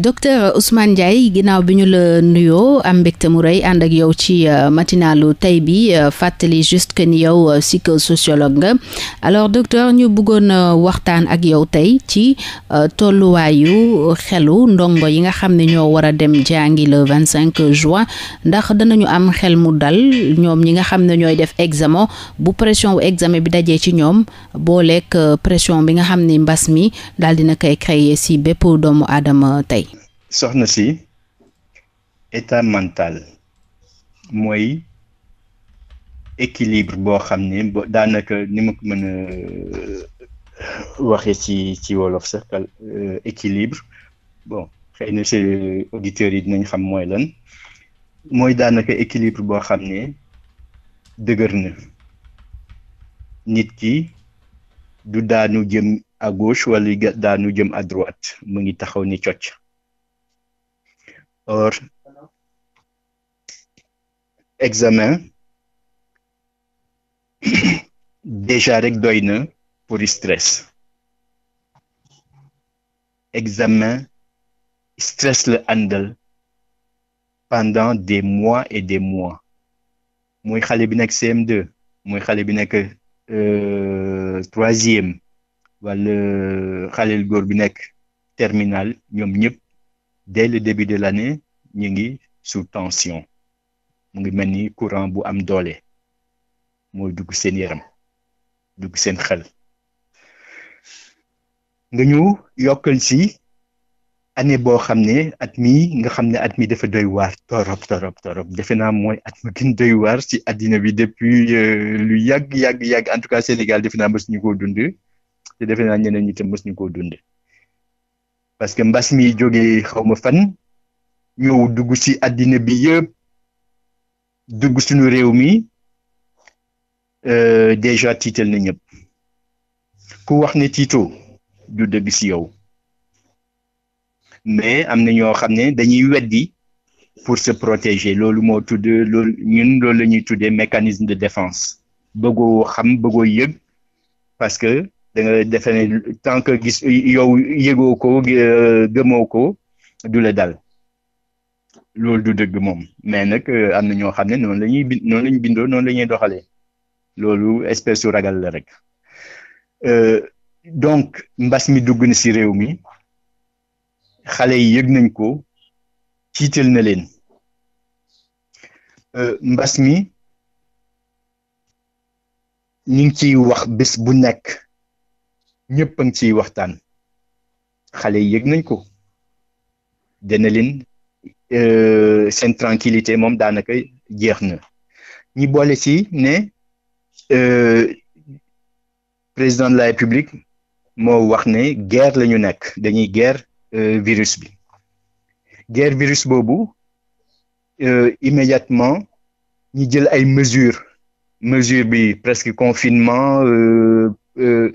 docteur Ousmane Ndiaye ginnaaw bi ñu la nuyoo am mbégte mu rey ànd ak yow ci euh, matinalu tey bi euh, fàttali juste que ni yow euh, psychosociologue nga alors docteur ñu bëggoon waxtaan ak yow tey ci tolluwaayu xelu ndongo yi nga xam ne ñoo war a dem jàngi le vingt cinq juin ndax danañu am xel mu dal ñoom ñi nga xam ne ñooy def examen bu pression wu examen bi dajee ci ñoom boo lekk pression bi nga xam ni mbas mi daal dina koy créer si bépp doomu aadama tey soxna si état mental mooy équilibre boo xam ne daanaka ni ma ko mën a waxee ci ci wolof sax euh, équilibre bon xëy na c'est auditeurs yi dinañ xam mooy lan mooy daanaka équilibre boo xam ne dëgër na nit ki du daanu jëm à gauche wala daanu jëm à droite mu ngi taxaw ni cocc और examen déjà rek doy na pour stress examen stress la àndal pendant des mois et des mois muy xale bi nekk CM2 muy xale bi nekk euh, troisième wala euh, xaleel góor bi nekk terminal ñoom ñëpp dès le début de l'année ñu ngi su tension mu ngi mel ni courant bu am doole mooy dugg seen yaram dugg seen xel nga ñëw yokkal si année boo xam ne at mi nga xam ne at mi dafa doy waar torop torop torop defe naa mooy at ma gën doy waar ci àddina bi depuis euh, lu yàgg yàgg yàgg en tout cas Sénégal defe naa mës ñu ko dund te defe naa ñeneen ñu tam mës ñu koo dund parce que mbas mi jógee xawma fan ñëw dugg ci àddina bi yëpp dugg sunu réew mi euh, déjà tiital na ñëpp ku wax ne tiito du dëgg ci yow mais am na ñoo xam ne dañuy weddi pour se protéger loolu moo tudd loolu ñun loolu lañuy tuddee mécanisme de défence bëggoo xam bëggoo yëg parce danga defe ne tant que gis yow yëgoo ko euh, gëmoo ko du la dal loolu du dëgg moom mais nag euh, am na ñoo xam ne noonu la noonu la bindoo noonu la ñuy doxalee loolu espèce su ragal la rek euh, donc mbas mi dugg na ci réew mi xale yi yëg nañ ko tiital na leen mbas mi ñu ngi ciy wax bés bu nekk. ñëpp ci waxtaan xale yi yëg nañ ko dana leen euh, seen tranquillité moom daanaka jeex na ñi boole ci ne euh, président de la république moo wax ne guerre la ñu nekk dañuy ger euh, virus bi guerre virus boobu immédiatement ñi jël ay mesures mesure bi presque confinement euh,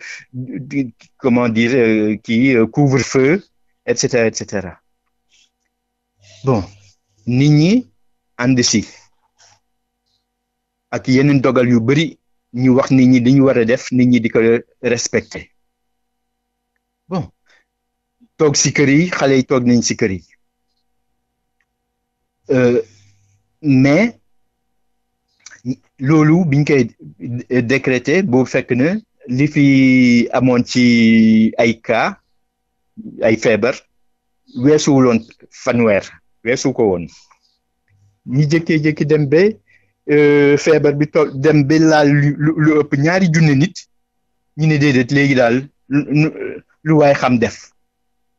comment dire, euh, qui euh, couvre-feu, etc., etc. Bon, nit ñi ànd si ak yeneen dogal yu bari ñu wax nit ñi dañu war a def nit ñi di ko respecter bon toog si kër yi xale yi toog nañ si kër yi euh, mais loolu biñ koy décréter boobu fekk na li fi amoon ci ay cas ay feebar weesuwuloon fanweer weesu ko woon ñi jëkkee jékki dem ba euh, feebar bi to dem ba laal lu ëpp ñaari junne nit ñu ne déedéet léegi daal lu waay xam def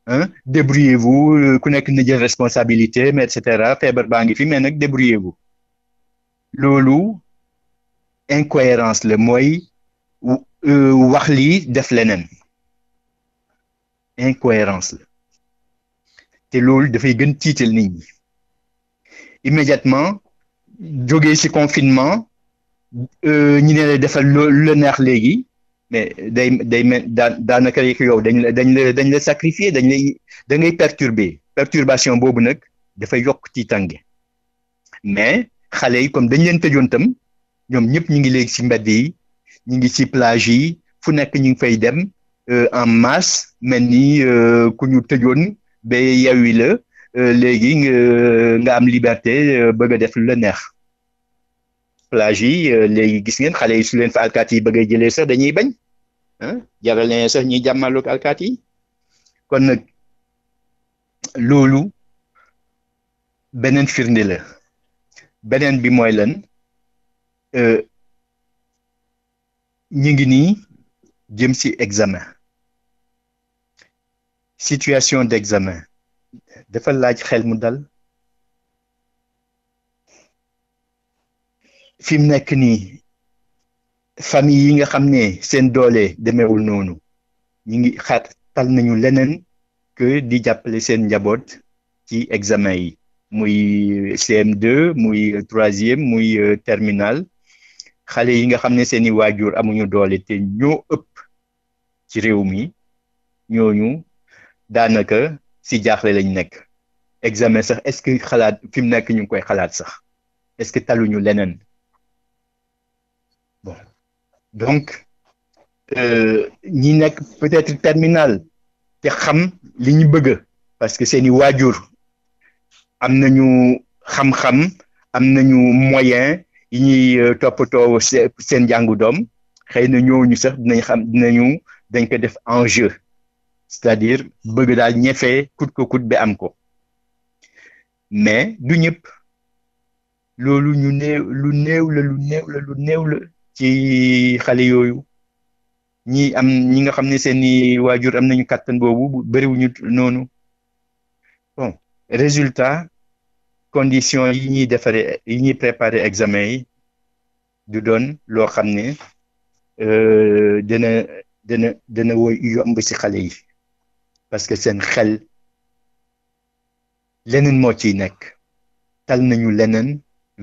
ah débrouillez-vous euh, ku nekk na jël responsabilité mais et cetera feebar baa ngi fi mais nag débrouillez-vous loolu incohérence le mooy Euh, wax lii def leneen incohérence la te loolu dafay gën tiital nit ñi immédiatement jóge ci confinement euh, ñi ne la defal lu la neex léegi mais day day mel daanaka rek yow dañ la dañ la dañ la sacrifier dañ lay da ngay perturber perturbation boobu nag dafay yokk tiitange mais xale yi comme dañ leen tëjoon tam ñoom ñëpp ñu ngi léegi ci mbedd yi ñu ngi ci plage yi fu nekk ñu ngi fay dem euh, en masse mel ni euh, ku ñu tëjoon ba yewi la euh, léegi nga am liberté bëgg def lu la neex plage yi léegi gis ngeen xale yi su leen fa alkaati yi bëgg jëlee sax dañuy bañ ah jaral nañ sax ñuy jàmmaloog alkaati kon nag loolu beneen firndi la beneen bi mooy lan ñu ngi nii jëm ci examen situation d'examen dafa laaj xel mu dal fi mu nekk nii famille yi nga xam ne seen doole demeewul noonu ñu ngi xaar tal nañu leneen que di jàppale seen njaboot ci examen yi muy CM2 muy troisième muy euh, terminal xale yi nga xam ne seeni waajur amuñu doole te ñoo ëpp ci réew mi ñooñu daanaka si jaaxle lañ nekk examen sax est-ce que xalaat fi mu nekk ñu ngi koy xalaat sax est-ce que taluñu leneen bon donc euh, ñi nekk peut-être terminal te xam li ñu bëgg parce que seeni waajur am nañu xam-xam am nañu moyen yi ñuy euh, toppatoo seen njàngu doom xëy na ñooñu sax dinañ xam dinañu dañ ko def en jeu c'est-à-dire bëgg daal ñefee kut ko kut bi am ko mais du ñëpp loolu ñu néew lu néew la lu néew la lu néew ci xale yooyu ñi am ñi nga xam ne seeni waajur am nañu kàttan boobu bëriwuñu noonu bon résultat condition yi ñuy defaree yi ñuy préparer examen yi du doon loo xam ne euh, dana dana dana woy yomb si xale yi parce que seen xel lenen moo ciy nekk tal nañu leneen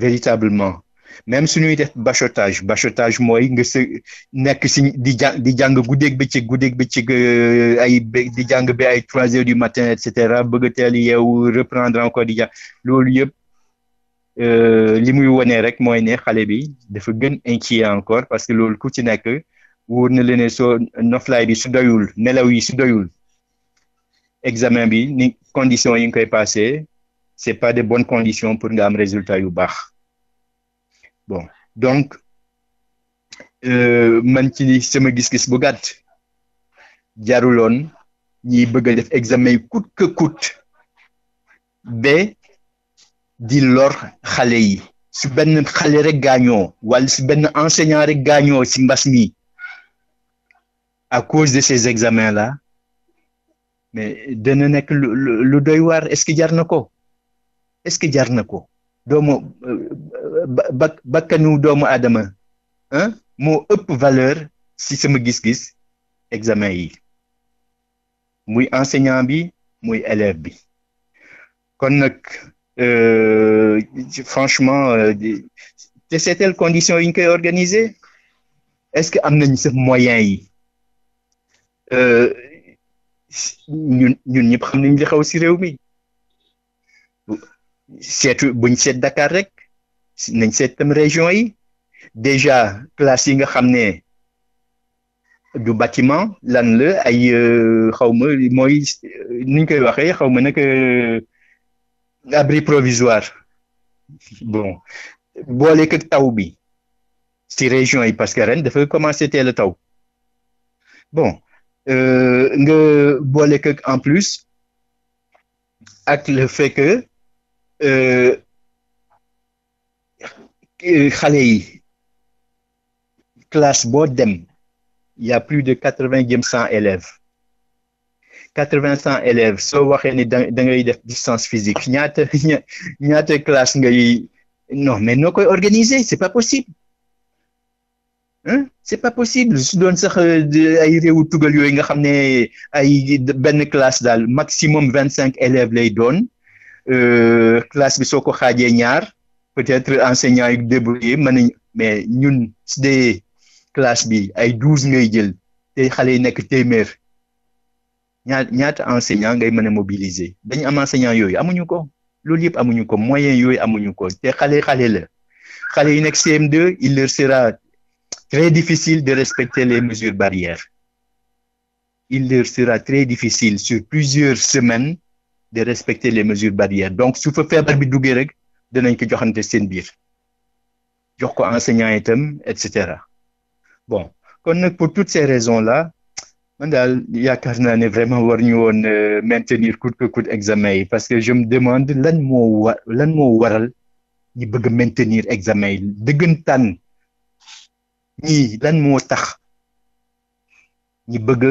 véritablement même suñuy def bachotage bachotage mooy nga sa nekk si di jàng di jàng guddeeg bëccëg guddeeg bëccëg euh, ay di jàng bi ay trois heures du matin et cetera bëgg a teel yeewu reprendre encore di jàng loolu yëpp euh, li muy wone rek mooy ne xale bi dafa gën inquiet encore parce que loolu ku ci nekk wóor na leen ne soo noflaay bi su doyul nelaw yi su doyul examen bi ni conditions yi nga koy passé c'est pas de bonnes conditions pour nga am résultat yu baax bon donc euh, man ci sama gis-gis bu gàtt jaruloon ñiy bëgg a def examen yi coûte que coûte ba di lor xale yi su benn xale rek gaañoo wala su benn enseignant rek gaañoo ci mbas mi à cause de ces examens là mais dana nekk lu doy waar est-ce que jar na ko est-ce que jar na ko doomu ba bakkanu doomu aadama moo ëpp valeur ci sama gis-gis examen yi muy enseignant bi muy élève bi kon nag euh, franchement euh, te seetal conditions yi ñu koy organiser est-ce que am nañ sax moyen yi euh, ñun ñun ñëpp xam nañ li xaw ci réew mi seetu buñ seet Dakar rek nañ seet tam région yi déjà classe yi nga xam ne du bâtiment lan la ay euh, xaw xawma mooy niñ koy waxee xawma nag euh, abri provisoire bon boole ak taw bi si région yi parce que ren dafa commencé teel taw bon euh, nga boole ak en plus ak le fait Euh, euh, xale yi classe boo dem y a plus de quatre-vingts jëm cent élèves quatre-vingts cent élèves soo waxee ni da da ngay def distance physique ñaata ñaata classe ngay non mais noo koy organiser c'est pas possible hein c'est pas possible su doon sax euh, ay réewu tugal yooyu nga xam ne ay benn classe daal maximum vingt-cinq élèves lay doon Euh, classe bi soo ko xaajee ñaar peut-être enseignants yi débrouillé mën nañ mais ñun su dee classe bi ay douze ngay jël te xale yi nekk téeméer ñaar ñaata enseignant ngay mën a mobiliser dañu am enseignant yooyu amuñu ko loolu yëpp amuñu ko moyen yooyu amuñu ko te xale xale la xale yi nekk CM2 il leur sera très difficile de respecter les mesures barrières il leur sera très difficile sur plusieurs semaines de respecter les mesures barrières donc su fa feebar bi duggee rek dinañ ko joxante seen biir jox ko enseignant itam et cetera bon kon nag pour toutes ces raisons là man daal yaakaar naa ne vraiment war ñu woon euh, maintenir coûte que coûte examen yi parce que je me demande lan moo war moo waral ñi bëgg maintenir examen yi dëggantaan ñii lan moo tax ñi bëgg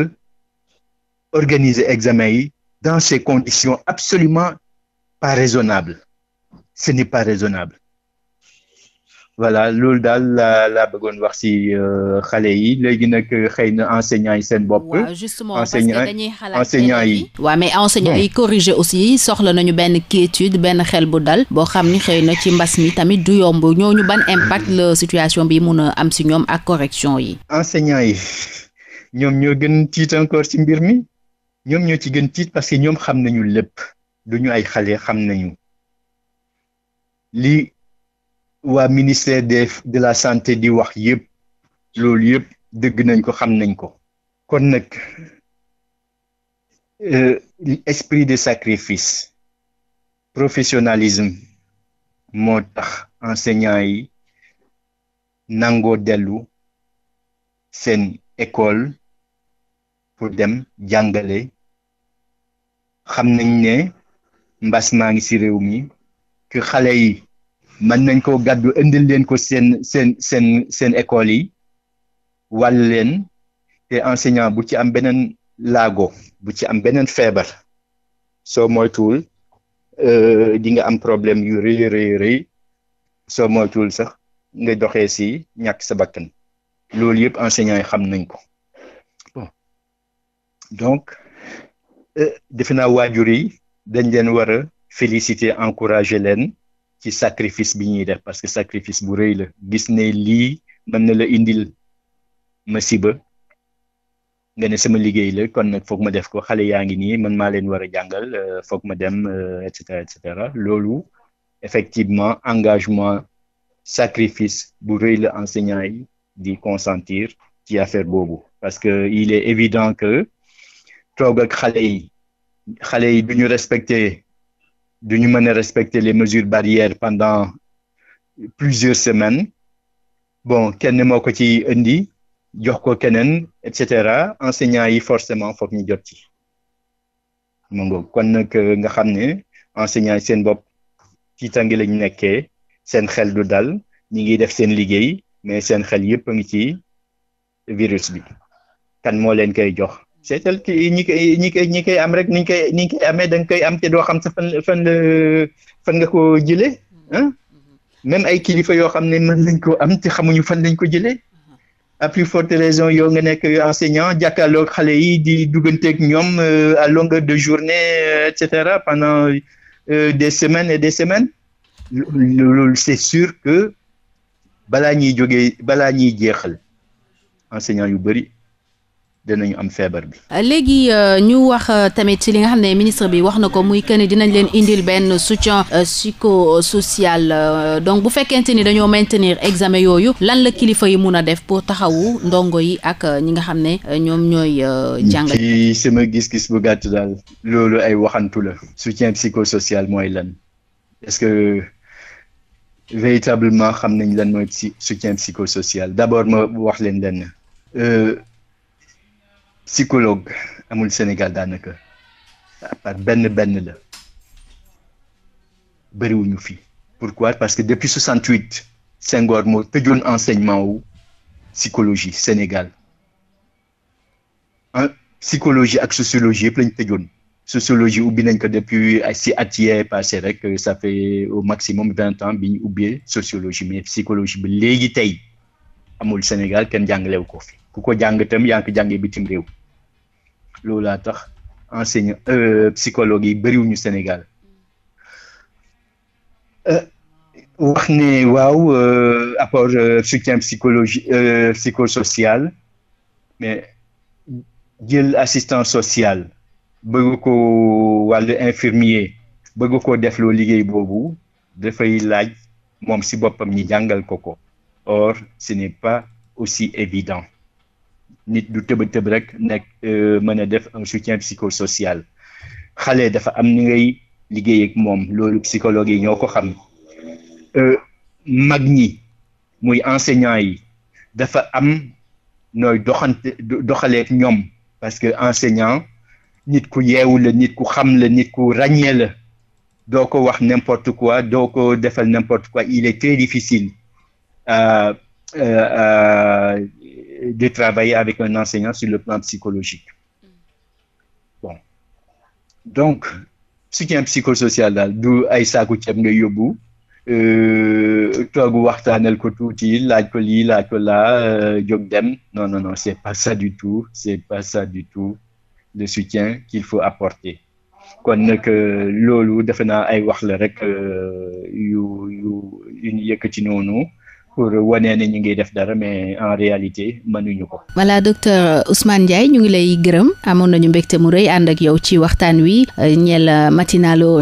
organiser examen yi dans ces conditions absolument pas raisonnables ce n'est pas raisonnable voilà loolu daal la laa bëggoon wax ci euh, xale yi léegi nag euh, xëy na enseignants yi seen bopp. waaw justement parce que dañuy xalaat yi. waaw mais enseignants yi corriger aussi soxla nañu benn quiétude benn xel bu dal. boo xam ni xëy na ci mbas mi tamit du yomb ñooñu ban impact la situation bi mun a am si ñoom ak correction yi. enseignants yi ñoom ñoo gën tiit encore ci mbir mi. ñoom ñoo ci gën tiit parce que ñoom xam nañu lépp du ñu ay xale xam nañu li waa ministère des de la santé di wax yëpp loolu yëpp dëgg nañ ko xam nañ ko kon nag euh, esprit de sacrifice professionnalisme moo tax enseignant yi nangoo dellu seen école pour dem jàngale xam nañ ne mbas maa ngi ci réew mi que xale yi mën nañ ko gàddu indil leen ko seen seen seen seen école yi wàll leen te enseignant bu ci am beneen laago bu ci am beneen feebar soo moytuwul euh, di nga am problème yu rëy rëy rëy soo moytuwul sax nga doxee ci ñàkk sa bakkan loolu yëpp enseignant yi xam nañ ko donc defe naa waajur yi dañ leen war a féliciter encourager leen ci sacrifice bi ñuy def parce que sacrifice bu rëy la gis ne lii mën na la indil masiba nga ne sama liggéey la kon nag foog ma def ko xale yaa ngi nii man maa leen war a jàngal euh, foog ma dem euh, et cetera loolu effectivement engagement sacrifice bu rëy la enseignant yi di consentir ci affaire boobu parce que il est évident que toog ak xale yi xale yi du ñu respecte du ñu mën a respecter les mesures barrières pendant plusieurs semaines bon kenn moo ko ci indi jox ko keneen et cetera enseignants yi forcément foog ñu jot ci mu kon nag euh, nga xam ne enseignants yi seen bopp ci tàngi lañu nekkee seen xel du dal ñu ngi def seen liggéey mais seen xel yëpp a ngi ci virus bi kan moo leen koy jox seetal ki ñi koy ñi koy ñi koy am rek niñ koy niñ amee da koy am te doo xam sa fan fan fan nga ko jëlee ah même ay kilifa yoo xam ne mën nañ ko am te xamuñu fan lañ ko jëlee mm-hmm. à plus forte raison yow nga nekk enseignant jàkkaarloog xale yi di dugganteeg ñoom euh, à longueur de journée euh, et cetera pendant euh, des semaines et des semaines loolu c'est sûr que balaa ñuy jógee balaa ñuy jeexal enseignant yu bëri dinañu am feebar bi. léegi euh, ñu wax euh, tamit ci li nga xam ne ministre bi wax na ko muy que ni dinañ leen indil benn soutien euh, psychosocial donc bu fekkente ni dañoo maintenir examen yooyu lan la kilifa yi mun a def pour taxawu ndongo yi ak ñi nga xam ne ñoom ñooy. jàngal ci sama gis-gis bu gàtt daal loolu ay waxantu la. soutien psychosocial mooy lan est que véritablement xam nañ lan mooy soutien psychosocial d'abord ma wax leen lenn. psychologue amul Sénégal daanaka par benn benn la bëriwuñu fii pourquoi parce que depuis 68 Senghor moo tëjoon enseignement wu psychologie Sénégal ah psychologie ak sociologie yëpp lañ tëjoon sociologie bi nañ ko depuis ay si at yee passé rek ça fait au maximum vingt ans bi ñu ubbee sociologie mais psychologie bi léegi tey. amul Sénégal kenn jàngalewu ko fi ku ko jàng itam yaa ngi ko bitim réew loolu tax enseignant euh, psychologue yi bëriwuñu Sénégal euh, wax ne waaw euh, apport soutien psychologie psychosocial mais jël assistance sociale bëgg ko wàllu infirmier bëgg ko defloo liggéey boobu dafay laaj moom si boppam ñi jàngal ko ko or ce n'est pas aussi évident nit du tëb tëb rek nekk euh, mën def un soutien psychosocial xale dafa am ni ngay liggéey ak moom loolu psychologue yi ñoo ko xam euh, mag ñi muy enseignant yi dafa am nooy doxante doxaleek ñoom parce que enseignant nit ku yeewu nit ku xam la nit ku ràññee la doo ko wax n'importe quoi doo ko defal n'importe quoi il est très difficile Euh, euh, euh, de travailler avec un enseignant sur le plan psychologique. Mm. bon donc soutien psychosocial daal du ay saaku ceeb nga yóbbu. toogu waxtaanal ko tuuti laaj ko lii laaj ko laa jóg dem non non non c'est pas ça du tout c'est pas ça du tout le soutien qu'il faut apporter kon nag loolu defe naa ay wax la rek yu yu yu ñu yëkkati noonu. pour wanee ne ñu ngiy def dara mais en réalité mënuñu ko. voilà docteur Ousmane Ndiaye ñu ngi lay gërëm amoon nañu mbégte mu rëy ànd ak yow ci waxtaan wi euh, ñeel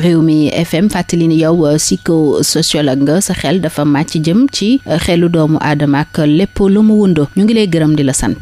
réew mi FM fàttali ni yow euh, psychosociologue nga sa xel dafa màcc jëm ci euh, xelu doomu aadama ak lépp lu mu wundoo ñu ngi lay gërëm di la sant.